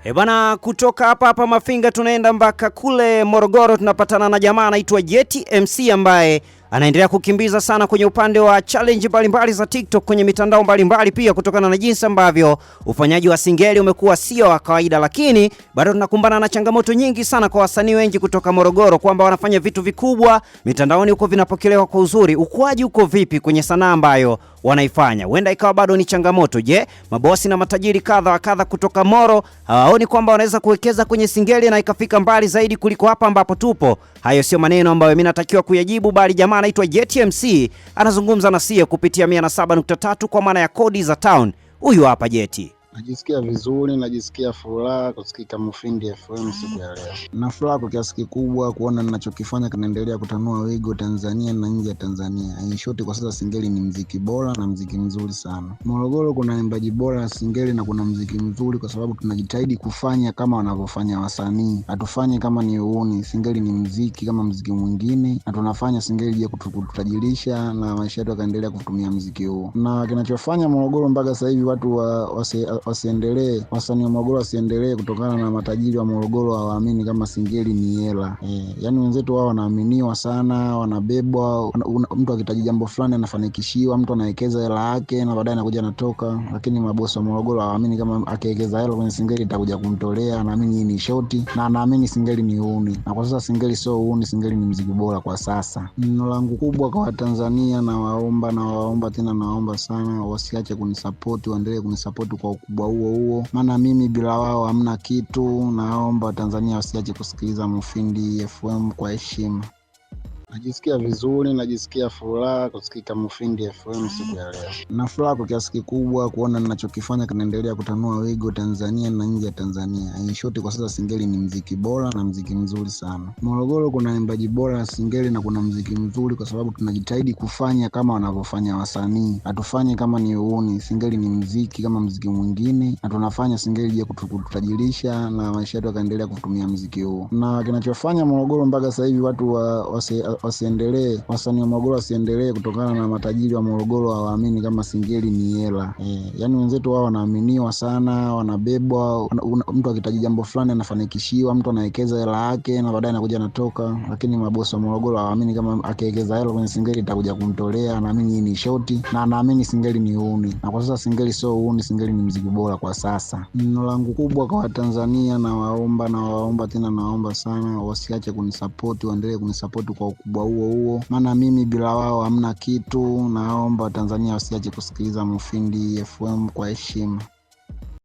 E eh bana, kutoka hapa hapa Mafinga tunaenda mpaka kule Morogoro, tunapatana na jamaa anaitwa Jeti MC ambaye anaendelea kukimbiza sana kwenye upande wa challenge mbalimbali za TikTok kwenye mitandao mbalimbali pia, kutokana na jinsi ambavyo ufanyaji wa singeli umekuwa sio wa kawaida, lakini bado tunakumbana na changamoto nyingi sana kwa wasanii wengi kutoka Morogoro kwamba wanafanya vitu vikubwa mitandaoni huko, vinapokelewa kwa uzuri. Ukuaji uko vipi kwenye sanaa ambayo wanaifanya? Huenda ikawa bado ni changamoto. Je, mabosi na matajiri kadha wa kadha kutoka Moro hawaoni kwamba wanaweza kuwekeza kwenye singeli na ikafika mbali zaidi kuliko hapa ambapo tupo? Hayo sio maneno ambayo mimi natakiwa kuyajibu, bali jamaa anaitwa JTMC anazungumza na sie kupitia 107.3 kwa maana ya kodi za town. Huyu hapa Jeti. Najisikia vizuri, najisikia furaha kusikika Mufindi FM siku ya leo. Na furaha kwa kiasi kikubwa kuona ninachokifanya kinaendelea kutanua wigo Tanzania na nje ya Tanzania. In short, kwa sasa singeli ni mziki bora na mziki mzuri sana. Morogoro kuna mbaji bora ya singeli na kuna mziki mzuri, kwa sababu tunajitahidi kufanya kama wanavyofanya wasanii. Hatufanye kama ni uuni Singeli ni mziki kama mziki mwingine, na tunafanya singeli ya kututajirisha na maisha yetu yakaendelea kutumia mziki huo, na kinachofanya Morogoro mpaka sasa hivi watu wa, wa, wasiendelee, wasanii wa Morogoro wasiendelee kutokana na matajiri wa Morogoro hawaamini kama singeli ni hela e, yani wenzetu wao wanaaminiwa sana, wanabebwa. Mtu akitaji jambo fulani anafanikishiwa, mtu anawekeza hela yake na baadaye anakuja anatoka, lakini mabosi wa Morogoro hawaamini kama akiwekeza hela kwenye singeli itakuja kumtolea. Anaamini hii ni shoti na anaamini singeli ni uuni, na kwa sasa singeli sio uuni, singeli ni mziki bora kwa sasa. Neno langu kubwa kwa Watanzania, nawaomba nawaomba tena nawaomba sana, wasiache kunisapoti, waendelee kunisapoti kwa ukubwa ukubwa huo huo, maana mimi bila wao hamna kitu. Naomba Tanzania wasiache kusikiliza Mufindi FM kwa heshima. Najisikia vizuri, najisikia furaha kusikika Mufindi FM siku ya leo, na furaha kwa kiasi kikubwa kuona ninachokifanya kinaendelea kutanua wigo Tanzania na nje ya Tanzania. In kwa sasa singeli ni mziki bora na mziki mzuri sana. Morogoro kuna mbaji bora singeli na kuna mziki mzuri, kwa sababu tunajitahidi kufanya kama wanavyofanya wasanii, hatufanyi kama ni uuni Singeli ni mziki kama mziki mwingine, na tunafanya singeli ya kututajirisha na maisha yetu yakaendelea kutumia mziki huo, na kinachofanya Morogoro mpaka sasa hivi watu wa, wase, wasiendelee wasanii wa Morogoro wasiendelee kutokana na matajiri wa Morogoro hawaamini kama singeli ni hela e, eh, yani wenzetu wao wanaaminiwa sana, wanabebwa mtu akitaji jambo fulani anafanikishiwa, mtu anawekeza hela yake na baadaye anakuja anatoka, lakini mabosi wa Morogoro hawaamini kama akiwekeza hela kwenye singeli itakuja kumtolea, anaamini hii ni shoti na anaamini singeli ni uuni, na kwa sasa singeli sio uuni, singeli ni mziki bora kwa sasa. Neno langu kubwa kwa Watanzania, nawaomba nawaomba tena nawaomba sana wasiache kunisapoti, waendelee kunisapoti kwa ukubwa mkubwa huo huo, maana mimi bila wao hamna kitu. Naomba Tanzania wasiache kusikiliza Mufindi FM kwa heshima.